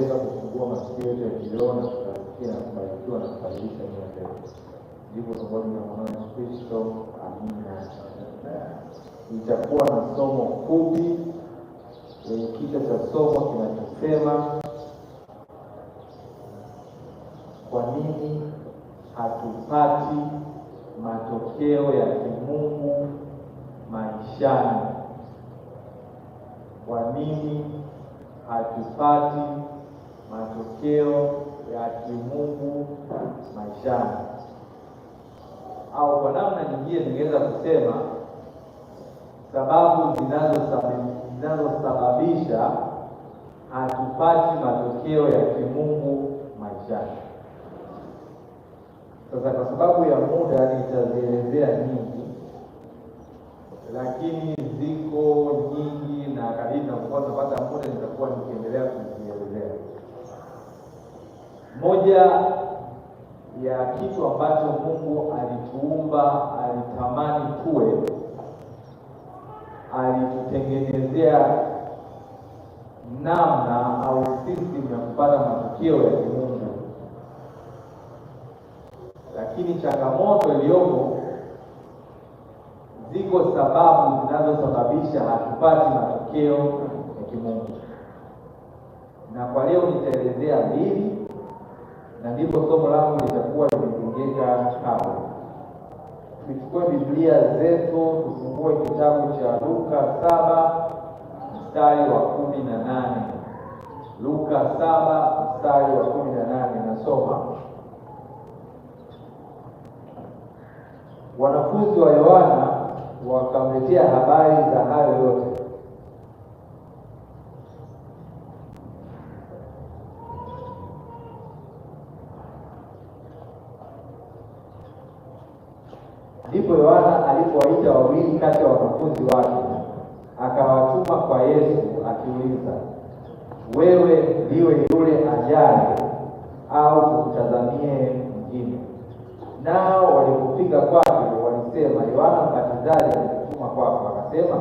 kuweza kufungua masikio yetu ya kiroho na tukasikia na kubarikiwa na kubadilisha nia zetu. Ndivyo tunaona na Mwana Kristo. Amina. Itakuwa na somo fupi kwenye kichwa cha somo kinachosema kwa nini hatupati matokeo ya kimungu maishani? Kwa nini hatupati matokeo ya kimungu maishani, au kwa namna nyingine ningeweza kusema sababu zinazosababisha hatupati matokeo ya kimungu maishani. Sasa kwa sababu ya muda nitazielezea nyingi, lakini ziko nyingi na kadiri nitakuwa napata muda nitakuwa nikiendelea moja ya kitu ambacho Mungu alituumba alitamani tuwe, alitutengenezea namna au system ya kupata matukio ya kimungu, lakini changamoto iliyopo, ziko sababu zinazosababisha hatupati matokeo ya kimungu, na kwa leo nitaelezea mbili na ndipo somo langu litakuwa limejengeka hapo. Tuchukue Biblia zetu, tufungue kitabu cha Luka saba mstari wa kumi na nane Luka saba mstari wa kumi na nane Nasoma, wanafunzi wa Yohana wakamletea habari za hayo yote wawili kati ya wanafunzi wake akawatuma kwa Yesu akiuliza, wewe ndiwe yule ajaye au tukutazamie mwingine? Nao walipofika kwake walisema, Yohana Mbatizaji alikutuma kwako. Akasema,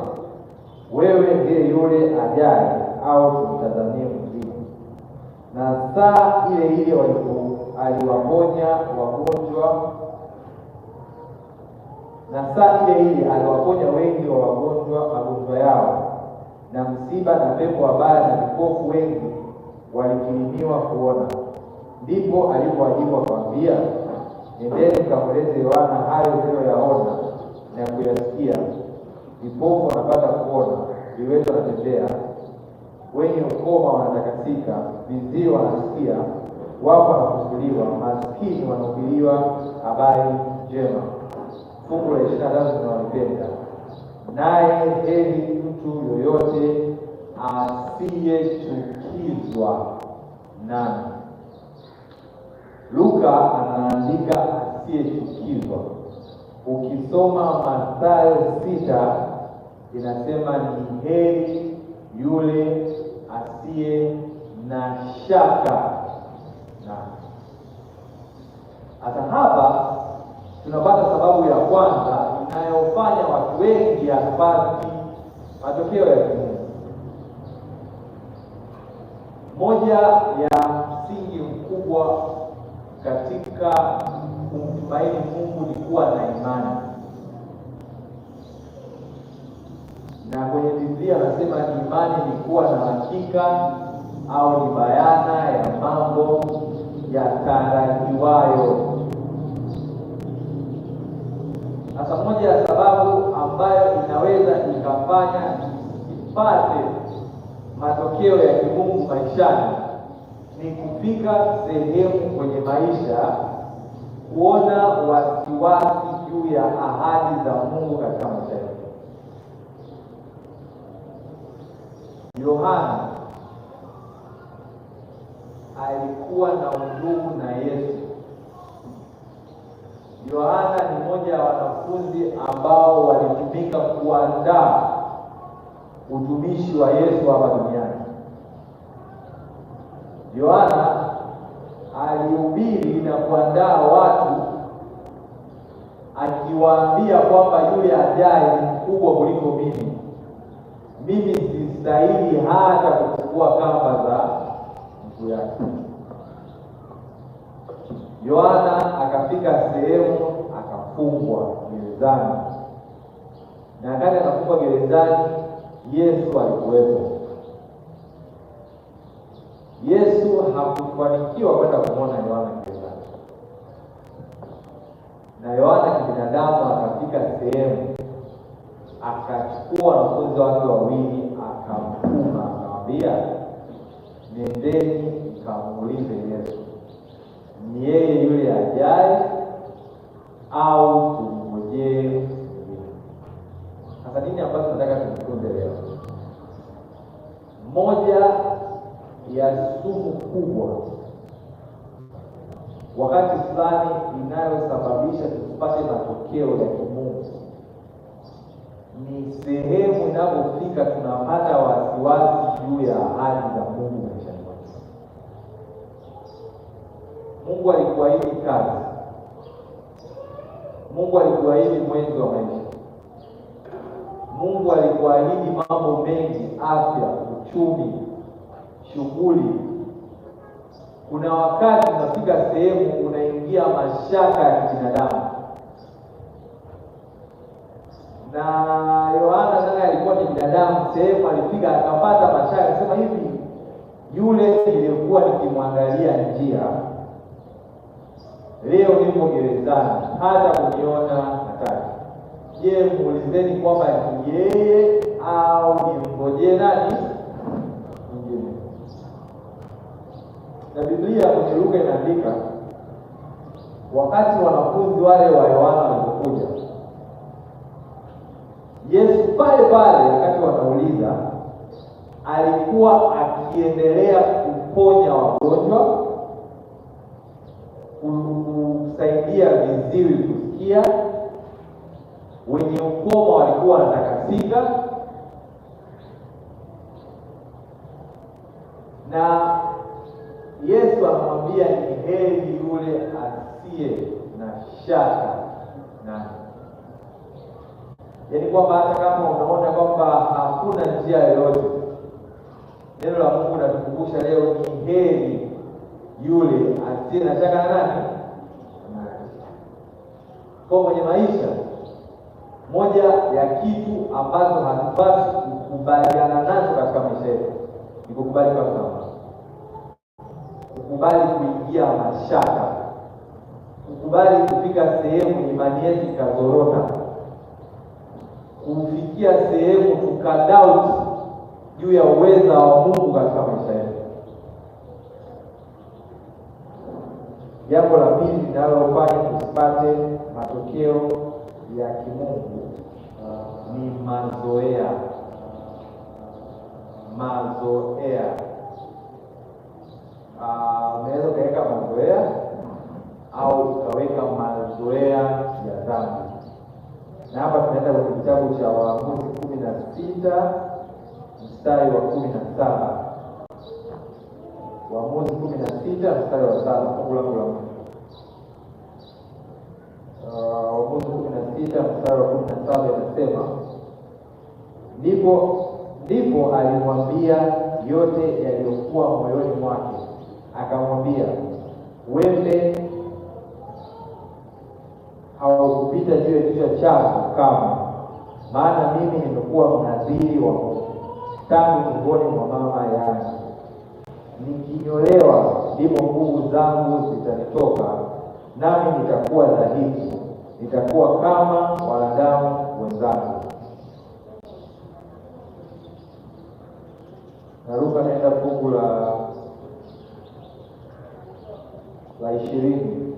wewe ndiye yule ajaye au tukutazamie mwingine? Na saa ile ile aliwaponya wagonjwa na saa ile ile aliwaponya wengi wa wagonjwa magonjwa yao, na msiba na pepo wabaya na vipofu wengi walikirimiwa kuona. Ndipo alipowajibu akawaambia, nendeni mkamweleze Yohana hayo mliyoyaona na kuyasikia, vipofu wanapata kuona, viwete wanatembea, wenye ukoma wanatakasika, viziwi wanasikia, wapo wanafufuliwa, maskini wanahubiriwa habari njema fungu la ishirini na tatu naye heri mtu yoyote asiyechukizwa nami. Luka anaandika asiyechukizwa. Ukisoma Mathayo sita inasema ni heri yule asiye na shaka na hata hapa tunapata sababu ya kwanza inayofanya watu wengi hawapati matokeo ya kimungu. Moja ya msingi mkubwa katika kumtumaini Mungu ni kuwa na imani, na kwenye Biblia anasema imani ni kuwa na hakika au ni bayana ya mambo yatarajiwayo. Sasa moja ya sababu ambayo inaweza ikafanya ipate matokeo ya kimungu maishani ni kufika sehemu kwenye maisha kuona wasiwasi juu ya ahadi za Mungu katika maisha yetu. Yohana alikuwa na undugu na Yesu. Yohana ni mmoja wanafunzi ambao walitumika kuandaa utumishi wa Yesu hapa duniani. Yohana alihubiri na kuandaa watu akiwaambia kwamba yule ajaye ni mkubwa kuliko mimi, mimi sistahili hata kuchukua kamba za mguu yake. Yohana akafika sehemu akafungwa gerezani, na wakati anafungwa gerezani Yesu alikuwepo. Yesu hakufanikiwa kwenda kumwona Yohana gerezani, na Yohana kibinadamu akafika sehemu akachukua wanafunzi wake wawili akamtuma, akamwambia nendeni mkamuulize Yesu maendeleo. Moja ya sumu kubwa wakati fulani inayosababisha tupate matokeo ya kimungu ni sehemu inapofika tunapata wasiwasi juu ya ahadi za Mungu maishani mwetu. Mungu alikuahidi kazi, Mungu alikuahidi mwenzi wa maisha Mungu alikuahidi mambo mengi: afya, uchumi, shughuli. Kuna wakati unafika sehemu unaingia mashaka ya kibinadamu, na Yohana naye alikuwa ni binadamu. Sehemu alifika akapata mashaka, akasema hivi, yule nilikuwa nikimwangalia njia, leo nipo gerezani, hata kuniona Je, muulizeni kwamba ni yeye au nimngojee nani mwingine? Na Biblia kwenye Luka inaandika wakati wanafunzi wale wa Yohana walipokuja, Yesu pale pale, wakati wanauliza, alikuwa akiendelea kuponya wagonjwa, kusaidia viziwi kusikia wenye ukoma walikuwa wanatakasika na Yesu anamwambia ni heri yule asiye na shaka na, yaani kwamba hata kama unaona kwamba hakuna njia yoyote, neno la Mungu natukumbusha leo ni heri yule asiye na shaka na nani, kwa mwenye maisha moja ya kitu ambazo hatupasi kukubaliana nacho katika maisha yetu ni kukubali kwa Mungu, kukubali kuingia mashaka, kukubali kufika sehemu imani yetu ikazorota, kufikia sehemu tukadauti juu ya uweza wa Mungu katika maisha yetu. Jambo la pili linalofanya tusipate matokeo ya kimungu uh, ni mazoea. Mazoea uh, unaweza ukaweka mazoea au ukaweka mazoea ya dhambi, na hapa tunaenda kwenye kitabu cha Waamuzi kumi na sita mstari wa kumi na saba Waamuzi kumi na sita mstari wa saba fungu sita mstari wa kumi na saba anasema ndipo ndipo alimwambia yote yaliyokuwa moyoni mwake, akamwambia wembe haukupita juu ya kichwa chako kama, maana mimi nimekuwa mnadhiri wa tangu tumboni mwa mama yangu, nikinyolewa ndipo nguvu zangu zitanitoka, nami nitakuwa dhaifu nitakuwa kama wanadamu wenzangu. Naruka naenda fungu la la ishirini.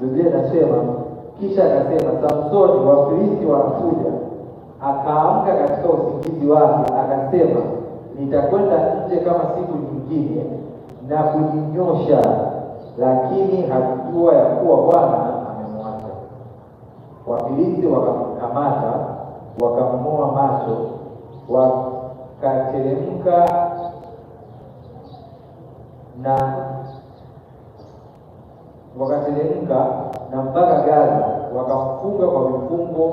Biblia inasema kisha akasema, Samsoni, Wafilisti wanakuja. Akaamka katika usingizi wake, akasema, nitakwenda nje kama siku nyingine na kujinyosha lakini hakujua ya kuwa Bwana amemwacha. Wafilisti wakamkamata, wakamng'oa macho, wakateremka na wakateremka na mpaka Gaza, wakamfunga kwa vifungo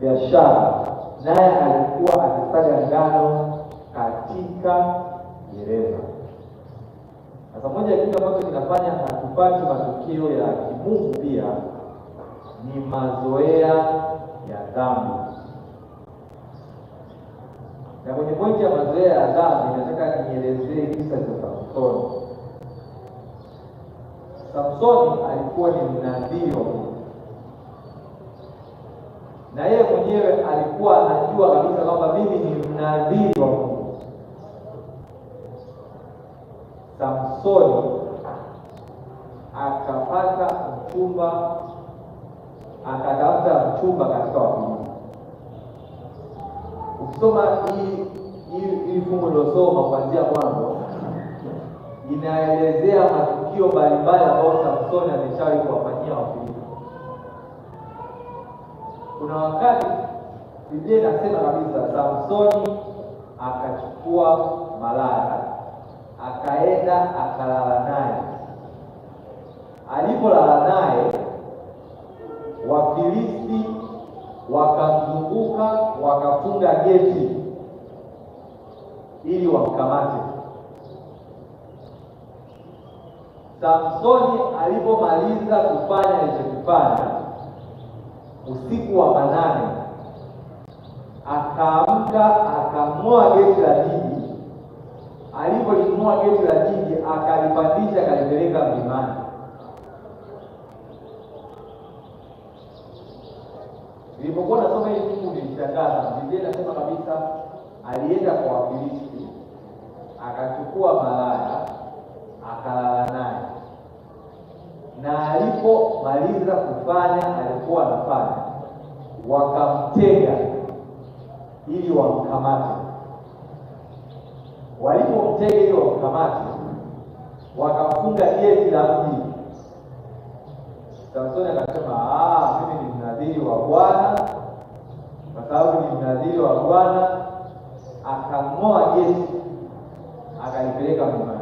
vya shaba, naye alikuwa akisaga ngano katika gereza. Sasa moja ya kitu ambacho kinafanya hatupati matokeo ya kimungu pia ni mazoea ya dhambi, na kwenye pointi ya mazoea ya dhambi nataka nielezee kisa cha Samsoni. Samsoni alikuwa ni mnabii wa na yeye mwenyewe alikuwa anajua kabisa kwamba mimi ni mnabii wa Mungu Samsoni akapata mchumba, akatafuta mchumba katika Wafilisti. Ukisoma hili fungu lilosoma kuanzia mwanzo, inaelezea matukio mbalimbali ambayo Samsoni ameshawahi kuwafanyia Wafilisti. Kuna wakati Biblia inasema kabisa Samsoni akachukua malaya akaenda akalala naye. Alipolala naye, Wafilisti wakamzunguka wakafunga geti ili wamkamate. Samsoni alipomaliza kufanya alichokifanya usiku wa manane, akaamka akamua geti la mji alipolinunua geti la jiji akalipandisha akalipeleka mlimani. Nilipokuwa nasoma hili fungu nilishangaza. Biblia inasema kabisa alienda kwa Wafilisti akachukua malaya akalala naye, na alipomaliza kufanya alikuwa anafanya, wakamtega ili wamkamate walipomtega hiyo kamati, wakamfunga geti la mji. Samsoni akasema, ah, mimi ni mnadhiri wa Bwana, kwa sababu ni mnadhiri wa Bwana. Akang'oa geti akalipeleka mlimani.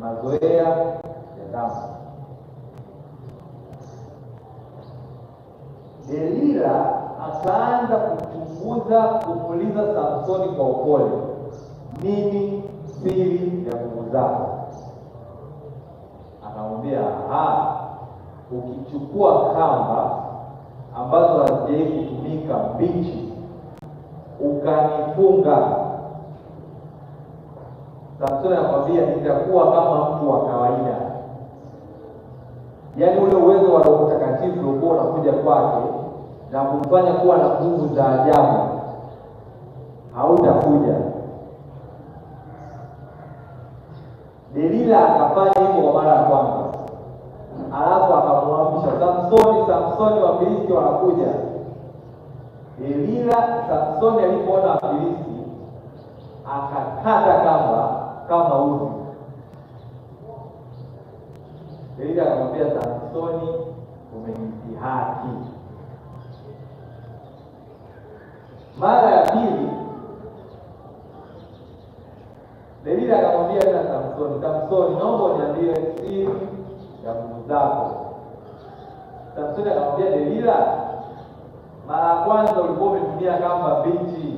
Mazoea ya damu. Delila akaanza kuchunguza kumuuliza Samsoni kwa upole, nini siri ya nguvu zako? Akamwambia, ukichukua kamba ambazo hazijawahi kutumika mbichi ukanifunga, Samsoni anakwambia nitakuwa kama mtu wa kawaida. Yaani ule uwezo wa Roho Mtakatifu uliokuwa unakuja kwake na kumfanya kuwa na nguvu za ajabu, hautakuja. Delila akafanya hivyo kwa mara ya kwanza, alafu akamwamsha Samsoni. Samsoni, Wafilisti wanakuja. Delila, Samsoni alipoona Wafilisti akakata kamba kama uzi. Delila akamwambia Samsoni, umenidhihaki Mara ya pili Delila akamwambia tena Samsoni, Samsoni, naomba uniambie siri ya nguvu zako. Samsoni akamwambia Delila, mara ya kwanza ulikuwa umetumia kamba mbichi,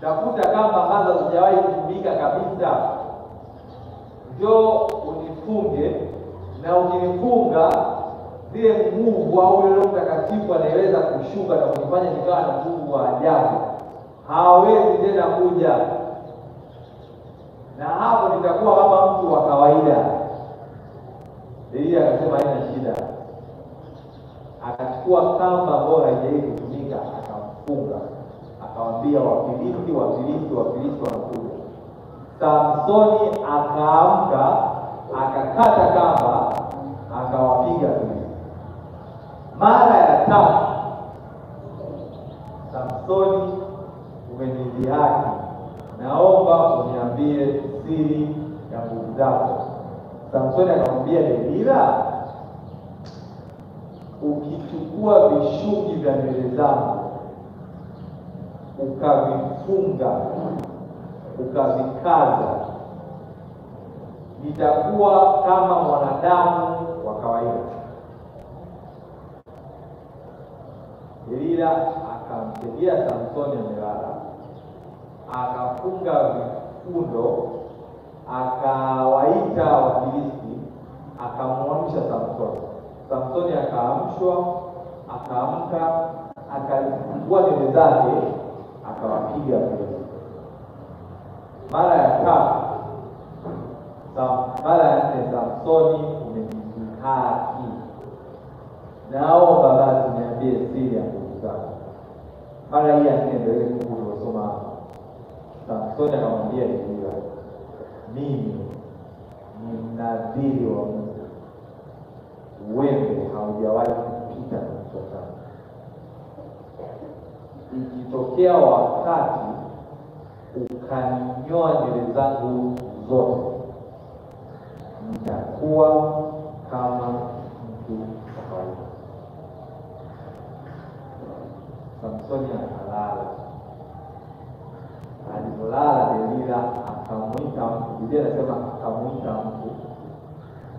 tafuta kamba ambazo hazijawahi kutumika kabisa, njoo unifunge, na ukinifunga lile nguvu au lile Mtakatifu anaweza kushuka na kunifanya nikawa na nguvu wa ajabu, hawezi tena kuja, na hapo nitakuwa kama mtu wa kawaida. Elia akasema haina shida, akachukua kamba ambayo haijawahi kutumika akamfunga, akawambia Wafilisti, Wafilisti, Wafilisti wanakuja. Samsoni akaamka akakata kamba akawapiga mara ya tatu Samsoni, umenidhihaki, naomba uniambie siri ya nguvu zako. Samsoni akamwambia Delila, ukichukua vishungi vya nywele zangu ukavifunga ukavikaza, nitakuwa kama mwanadamu wa kawaida Delila akamtegea Samsoni amelala, akafunga vifundo, akawaita Wafilisti, akamwamsha Samsoni. Samsoni akaamshwa, akaamka, akazifungua nywele zake, akawapiga Wafilisti. Mara ya tatu, mara ya nne, Samsoni umejihaki naomba basi niambie siri ya nguvu zako. Mara hii asiendelee Mungu uliosoma hapa. Samsoni anawambia Delila, mimi ni mnadhiri wa Mungu, wewe haujawahi kupita na Ikitokea wakati ukaninyoa nywele zangu zote, nitakuwa kama Samsoni akalala. Alipolala Delila akamwita mtu, Biblia inasema akamwita mtu,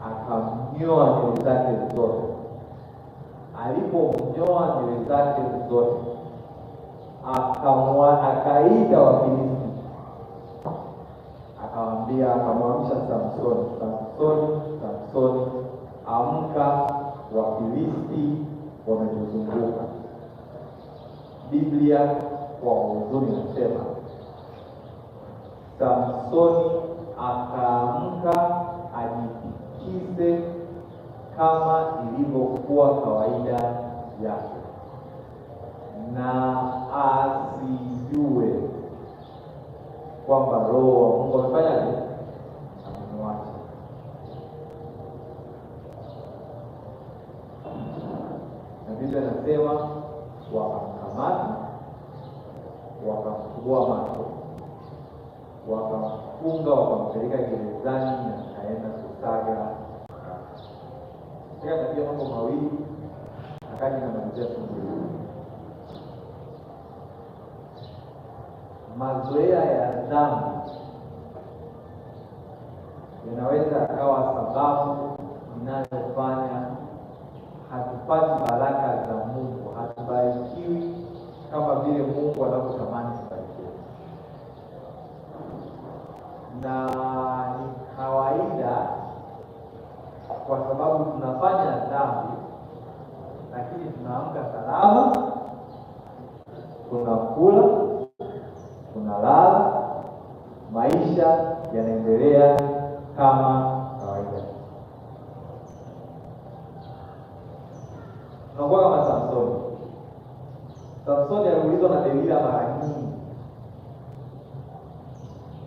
akamnyoa nywele zake zote. Alipomnyoa nywele zake zote, akaita Wafilisti, akamwambia, akamwamsha Samsoni, Samsoni, Samsoni, amka, Wafilisti wametuzunguka. Biblia kwa huzuni nasema Samsoni akaamka ajipikize kama ilivyokuwa kawaida yake, na asijue kwamba Roho wa Mungu amefanyaje, amemwacha. Biblia inasema wa samaki, wakafungua macho, wakamfunga, wakampeleka gerezani na akaenda kusaga. Katika tabia mambo mawili, akaja na malizia Mazoea ya dhambi yanaweza akawa sababu inayofanya hatupati baraka za Mungu, hatubarikiwi vile Mungu anavyotamani tubarikiwe. Na ni kawaida, kwa sababu tunafanya dhambi, lakini tunaamka salama, tunakula, tunalala, maisha yanaendelea kama Galilaya mara nyingi.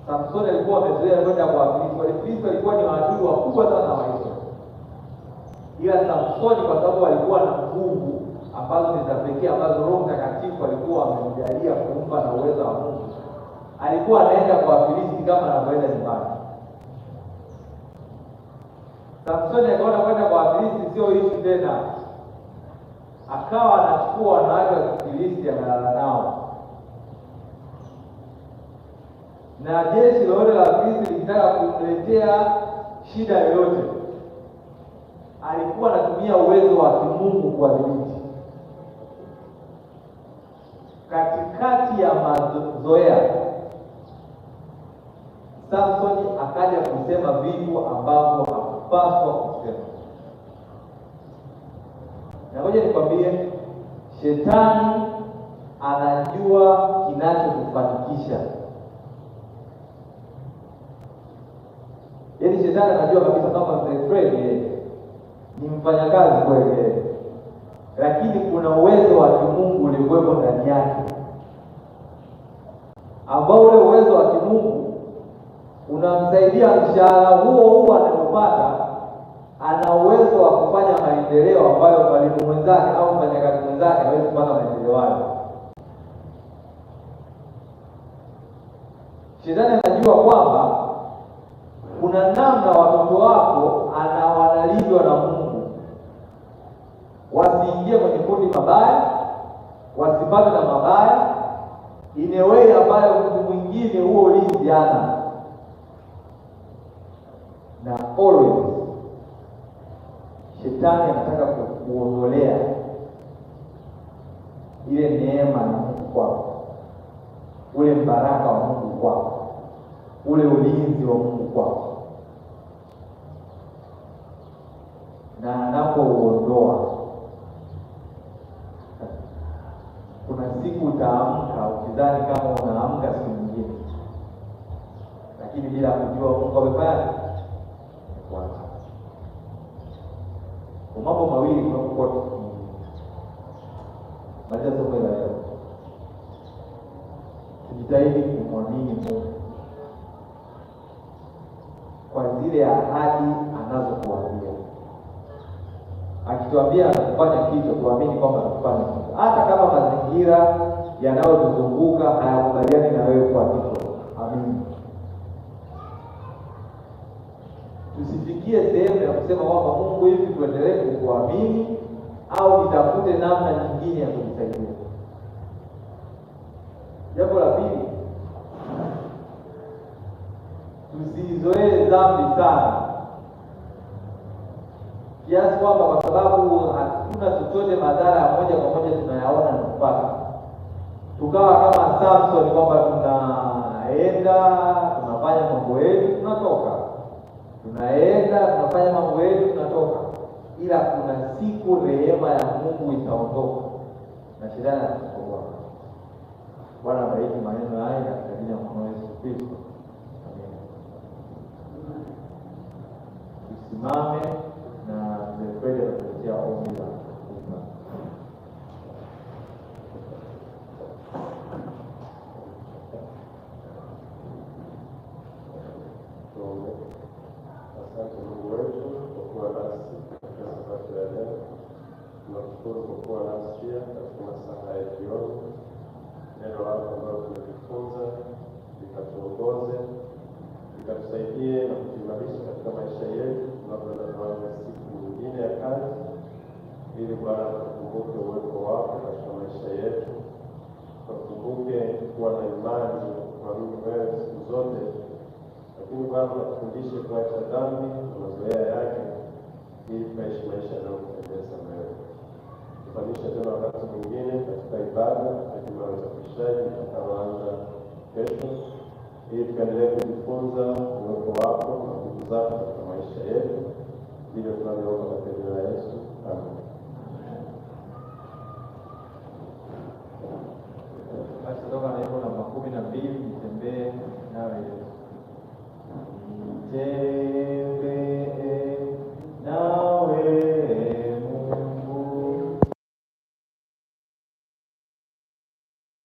Samsoni alikuwa amezoea kwenda kwa Wafilisti. Wafilisti walikuwa ni maadui wakubwa sana wa Israeli, ila Samsoni kwa sababu alikuwa na nguvu ambazo ni za pekee ambazo Roho Mtakatifu alikuwa amemjalia kumpa na uwezo wa Mungu, alikuwa anaenda kwa Wafilisti kama anavyoenda nyumbani. Samsoni akaona kwenda kwa Wafilisti sio ishu tena akawa anachukua wanawake wa Kifilisti analala nao, na jeshi lolote la Wafilisti likitaka kumletea shida yoyote, alikuwa anatumia uwezo wa kimungu kuwadhibiti. Katikati ya mazoea, Samsoni akaja kusema vitu ambavyo hakupaswa kusema. Na ngoja nikwambie, shetani anajua kinachokufanikisha. Yaani shetani anajua kabisa kama yeye eh, ni mfanyakazi kweli yeye, eh. lakini kuna uwezo wa kimungu uliokuwepo ndani yake, ambao ule uwezo wa kimungu unamsaidia mshahara huo huo anaopata ana uwezo wa kufanya maendeleo ambayo mwalimu mwenzake au mfanyakazi mwenzake hawezi kupata maendeleo hayo. Shetani anajua kwamba kuna namna watoto wako anawanalizwa na Mungu wasiingie kwenye kundi mabaya, wasipate na mabaya inewei ambayo mtu mwingine huo ulizi ana na always Shetani anataka kuondolea ile neema ya Mungu kwako, ule mbaraka wa Mungu kwako, ule ulinzi wa Mungu kwako, na anapouondoa kuna siku utaamka ukidhani kama unaamka siku nyingine, lakini bila kujua Mungu amefanya kwa mambo mawili tunapokuwa tukimaliza somo la leo, tujitahidi kumwamini Mungu kwa zile ahadi anazokuambia Akituambia anakufanya kitu, tuamini kwamba anakufanya kitu, hata kama mazingira yanayotuzunguka hayakubaliani na wewe kwa kitu nifikie sehemu ya kusema kwamba Mungu, hivi tuendelee kukuamini au nitafute namna nyingine ya kujisaidia? Jambo la pili, tusizoee dhambi sana kiasi kwamba kwa sababu hatuna chochote madhara ya moja kwa moja tunayaona na kupata, tukawa kama Samson kwamba tunaenda tunafanya mambo yetu tunatoka tunaenda tunafanya mambo yetu tunatoka, ila kuna siku rehema ya Mungu itaondoka na shetani atatukomboa. Bwana abariki maneno haya katika jina la Mwana Yesu Kristo, amina. Tusimame na tuendelee atatuletea ombi. corporacja, tunasema ya jioni. Neno lako ambalo tumejifunza likatuongoze, likatusaidie na kutuimarisha katika maisha yetu tunapoenda kuanza siku nyingine ya kazi, ili Bwana que uwepo wako imagem, para yetu, tukumbuke kuwa na aqui no guarda siku zote, lakini Bwana natufundishe kuacha dhambi na mazoea yake, ili tukaishi maisha dessa wewe. kufanisha tena wakati mwingine katika ibada, lakini usafirishaji utakaoanza kesho, ili tukaendelee kujifunza uwepo wako na nguvu zako katika maisha yetu. Ndivyo tunavyoomba katika jina la Yesu, amen. Basi toka na namba kumi na mbili nitembee nawe.